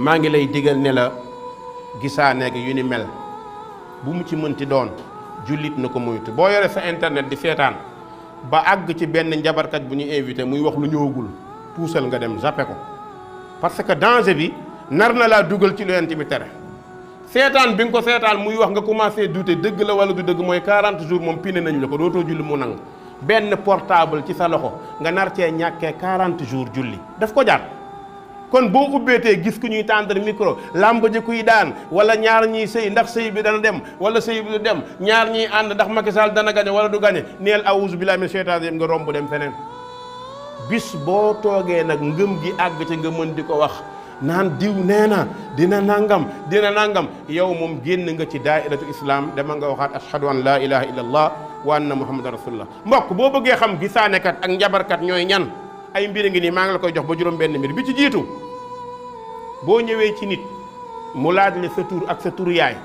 maa ngi lay digal ne la gisaane gi yu ni mel bu mu ci mënti doon jullit na ko moytu boo yore sa internet di seetaan ba àgg ci benn njabarkat bu ñu invité muy wax lu ñëwagul puusal nga dem zappe ko parce que danger bi nar na laa dugal ci lu yent bi tere seetaan bi nga ko seetaan muy wax nga commencé douter dëgg la wala du dëgg mooy 40 jours moom piine nañ la ko dootoo julli mu nangu benn portable ci sa loxo nga nar cee ñàkkee 40 jours julli daf ko jaar kon boo tee gis ku ñuy tendre micro làmb ji kuy daan wala ñaar ñiy sëy ndax sëy bi dana dem wala sëy bi du dem ñaar ñiy ànd ndax Macky Sall dana gañe wala du gañe neel awuzu billahi min seytaan nga romb dem feneen bis boo toogee nag ngëm gi àgg ci nga mën di ko wax naan diw nee na dina nangam dina nangam yow moom génn nga ci daairatu islam dama nga waxaat ashhadu an laa ilaha illa allah wa anna muhammadan rasulullah mbokk boo bëggee xam gisaanekat ak njabarkat ñooy ñan ay mbir ngi nii ngi la koy jox juróom benn mbir bi ci jiitu bo ñewé ci nit mu laaj le sa tour ak sa tour yaay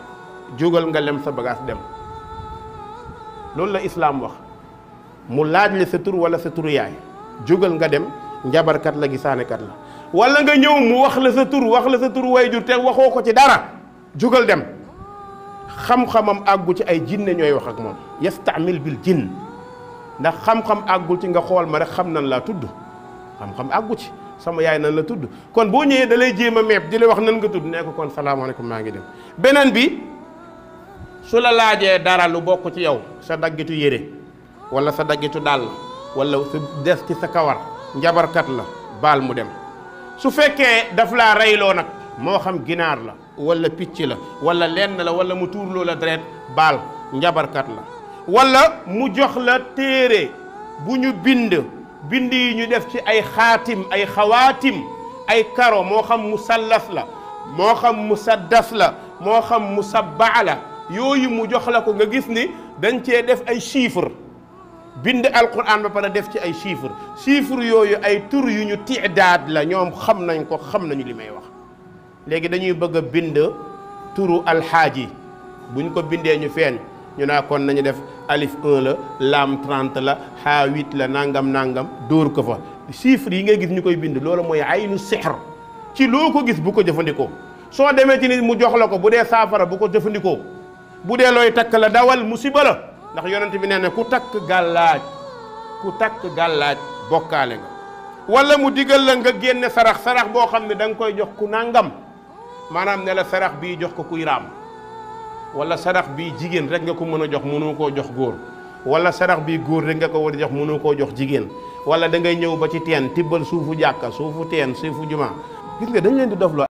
jógal nga lem sa bagage dem loolu la islam wax mu laaj le sa tour wala sa tour yaay jógal nga dem njabar kat la gisane kat la wala nga ñëw mu wax la sa tour wax la sa tour wayjur te waxo ko ci dara jógal dem xam-xamam àggu ci ay jinne ñoy wax ak mom yastamil bil jinn ndax xam-xam àggul ci nga xol ma rek xam nan la tuddu xam-xam àggu ci sama yaay nan la tudd kon boo ñëwee da lay jéem a meeb di la wax nan nga tudd nee ko kon salaamaaleykum maa ngi dem beneen bi su la laajee dara lu bokk ci yow sa daggitu yére walla sa daggitu dàll walla su des ci sa kawar njabarkat la baal mu dem su fekkee daf laa reyloo nag moo xam ginaar la wala picc la wala lenn la wala mu tuurloo la deret baal njabarkat la walla mu jox la téere bu ñu bind bind yi ñu def ci ay xaatim ay xawaatim ay karo moo xam musallas la moo xam musaddas la moo xam musabbaa la yooyu mu jox la ko nga gis ni dañ cee def ay chiffre bind alquran ba pare def ci ay chiffre chiffre yooyu ay tur yu ñu tiidaat la ñoom xam nañ ko xam nañu li may wax léegi dañuy bëgg a bind turu alxaaji buñ ko bindee ñu feeñ ñu naa kon nañu def alif 1 la laam 30 la xaa la nangam nangam dóor ko fa chiffre yi ngay gis ñu koy bind loolu mooy aynu sixr ci loo ko gis bu ko jëfandikoo soo demee ci nit mu jox la ko bu dee saafara bu ko jëfandikoo bu dee looy takk la dawal musiba la ndax yonent bi nee na ku takk gàllaaj ku takk gàllaaj bokkaale nga wala mu digal la nga génne sarax sarax boo xam ne da nga koy jox ku nangam maanaam ne la sarax bii jox ko kuy wala sarax bii jigéen rek nga ko mën a jox mënoo koo jox góor wala sarax bii góor rek nga ko war a jox mënoo koo jox jigéen wala da ngay ñëw ba ci teen tibbal suufu jàkka suufu teen suufu jumaa gis nga dañ leen di dofloo